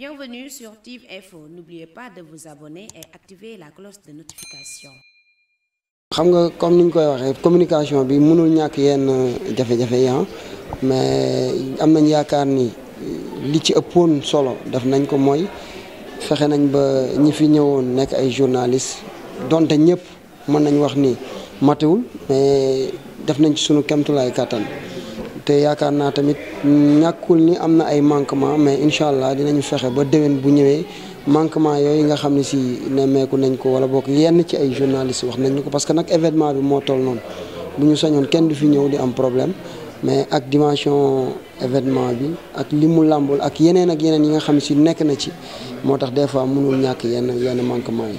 Bienvenue sur TIV Info. N'oubliez pas de vous abonner et activer la cloche de notification. xam nga comme ni ñu koy waxee communication bi mënul ñàkk yenn jafe-jafe yi ah, mais am nañ yaakaar ni li ci ëppoon solo def nañ ko mooy fexe nañ ba ñi fi ñëwoon nekk ay journaliste donte ñëpp mën nañ wax ni matewul mais def nañ ci sunu kemtulaay kàttan te yaakaar naa tamit ñàkkul ni am na ay manquement mais incha allah dinañu fexe ba déwén bu ñëwee manquement yooyu nga xam ne si nemmeeku nañ ko wala bokk yenn ci ay journalistes wax nañ ko parce que nag événement bi moo toll noonu bu ñu sañoon kenn du fi ñëw di am problème mais ak dimension événement bi ak li mu làmbul ak yeneen ak yeneen yi nga xam ne si nekk na ci moo tax des fois mënul ñàkk yenn yenn manquement yi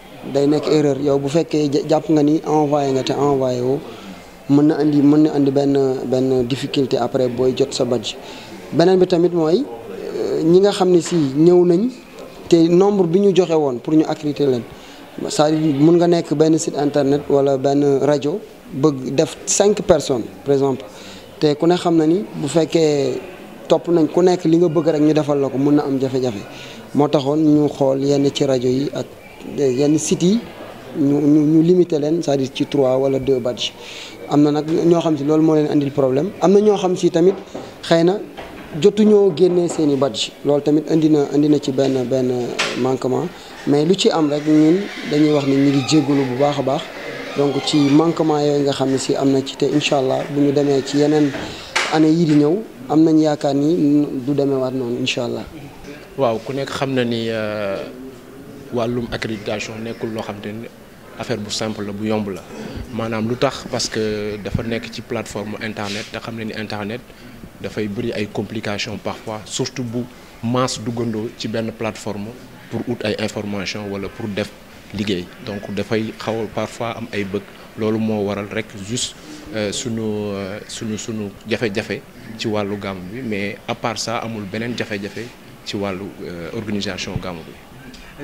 day nekk erreur yow bu fekkee jàpp nga ni envoyé nga te envoyé woo mën na andi mën na andi benn benn difficulté après booy jot sa badge beneen bi tamit mooy euh, ñi nga xam ni si ñëw nañ te nombre bi ñu joxe woon pour ñu accréditer leen c'est-à-dire mën nga nekk benn site internet wala benn rajo bëgg def cinq personnes par exemple te ku ne xam na ni bu fekkee topp nañ ku nekk li nga bëgg rek ñu defal la ko mun na am jafe-jafe moo taxoon ñu xool yenn ci rajo yi ak yenn siti yi ñu ñu ñu limité leen cest à ci trois wala deux badges am na nag ñoo xam si loolu moo leen andil problème am na ñoo xam si tamit xëy na jotuñoo génnee seen i badge loolu tamit indi na indi na ci benn benn manquement mais lu ci am rek ñun dañuy wax ni ñu ngi jégalu bu baax a baax donc ci manquement yooyu nga xam ne si am na ci te incha allah bu ñu demee ci yeneen année yii di ñëw am nañ yaakaar ni du demeewaat noonu incha allah. waaw ku nekk xam na ni. Euh, walum accréditation nekul lo affaire simple parce que dafa plateforme internet internet bari complications parfois surtout bu masse duggandoo ci plateforme pour out ay information pour def donc parfois am ay waral juste euh, euh, mais à part ça amul benen jafé jafé ci euh, organisation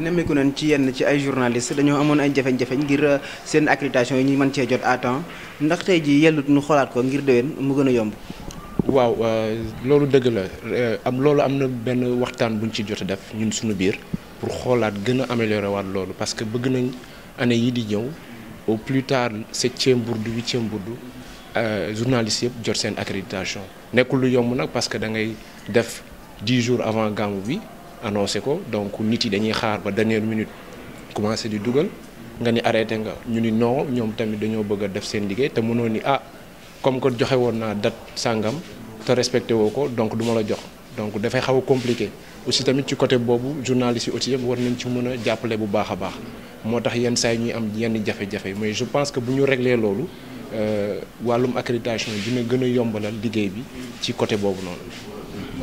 nemmeeku nañ ci yenn ci ay journaliste dañoo amone ay jafe-jafe ngir euh, sen accréditation yi ñu mën cee jot à temps ndax tay ji yellut ñu xolaat ko ngir déwén mu gëna yomb. waaw euh, lolu dëgg la euh, am lolu amna na benn waxtaan buñ ci jot def ñun suñu biir pour xolaat gëna améliorer waat lolu parce que bëgg nañ année yi di ñëw au plus tard septième burdu huitième burdu journalistes yëpp jot sen accréditation nekkul lu yomb nak parce que da ngay def 10 jours avant gàmmu bi annoncé ko donc nit yi dañuy xaar ba dernière minute commencé di dugal nga ni arrêté nga ñu ni non ñom tamit dañoo bëgg def seen liggéey te mënoo ni ah comme ko joxé woon naa date sangam te respecté woko donc duma la jox donc da fay xaw compliqué aussi tamit ci côté bobu journaliste aussi yëpp war nañ ci mëna jappalé bu baaxa baax motax yeen say ñuy am yeen jafé jafé mais je pense que bu ñu lolu euh walum accréditation dina gëna yombalal liggéey bi ci côté bobu non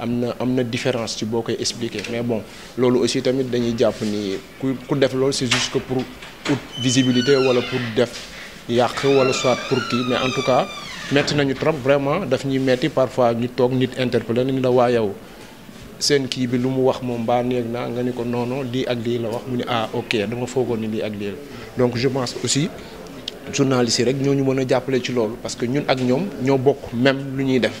am na différence ci boo expliquer mais bon loolu aussi tamit dañuy jàpp ni ku ku def loolu c'est juste que pour pour visibilité wala pour def yàq wala soit pour qui. mais en tout cas metti nañu trop vraiment daf ñuy metti parfois ñu toog nit interpellé nañu la waa yow seen kii bi lu mu wax moom mbaa néeg naa nga ni ko non non lii ak lii la wax mu ne ah ok dama foogoon ni lii ak lii donc je pense aussi journalistes yi rek ñoo ñu mën ci loolu parce que ñun ak ñoom ñoo bokk même lu ñuy def.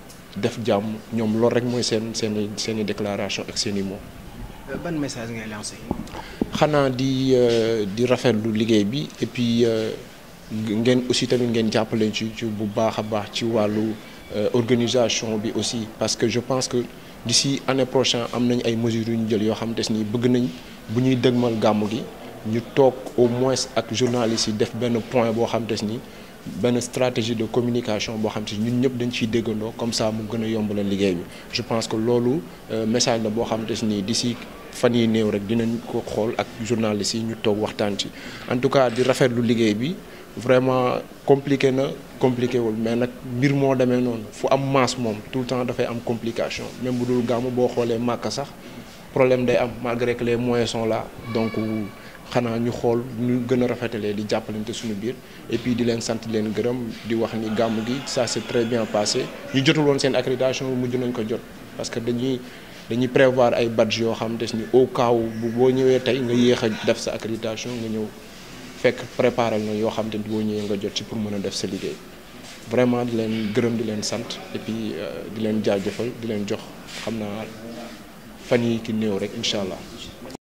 def jàmm ñom loolu rek moy sen sen i déclaration ak sen i mots. Euh, ban message ngay lancé. xana di euh, di rafetlu liggéey bi et puis euh, ngeen aussi tamit ngeen jàppale ci ci bu baax baax ci walu organisation bi aussi parce que je pense que d'ici année prochaine am nañ ay mesures ñu jël yo xam te ni bëgg nañ bu ñuy dëgmal gamu gi ñu tok au moins ak journalistes def ben point bo xam te ni benn stratégie de communication boo xam ñun ñëpp dañ comme ça mu gën a yombala bi je pense que lolu euh, message la boo xam te d'ici fan yi néew rek dinañ ko xol ak journalist yi ñu tok waxtaan ci en tout cas di lu liggéey bi vraiment compliqué na compliqué wol mais nak bir mo demee non fu am masse mom tout le temps fay am complication même bu dul gam bo xolé màkk sax problème day am malgré que les moyens sont là donc xanaa ñu xool ñu gën a rafetalee di jàppalante suñu biir et puis di leen sant leen gërëm di wax ni gàmm gi ça s'est très bien passé ñu jotul woon seen accréditation mujj nañ ko jot parce que dañuy dañuy prévoir ay badge yoo xam des ni au cas bu boo ñëwee tey nga yéex a def sa accréditation nga ñëw fekk préparal na yoo xam te boo ñëwee nga jot ci pour mën a def sa liggéey vraiment di leen gërëm di leen sant et puis euh, di leen jaajëfal di leen jox xam naa fan yi ki néew rek incha allah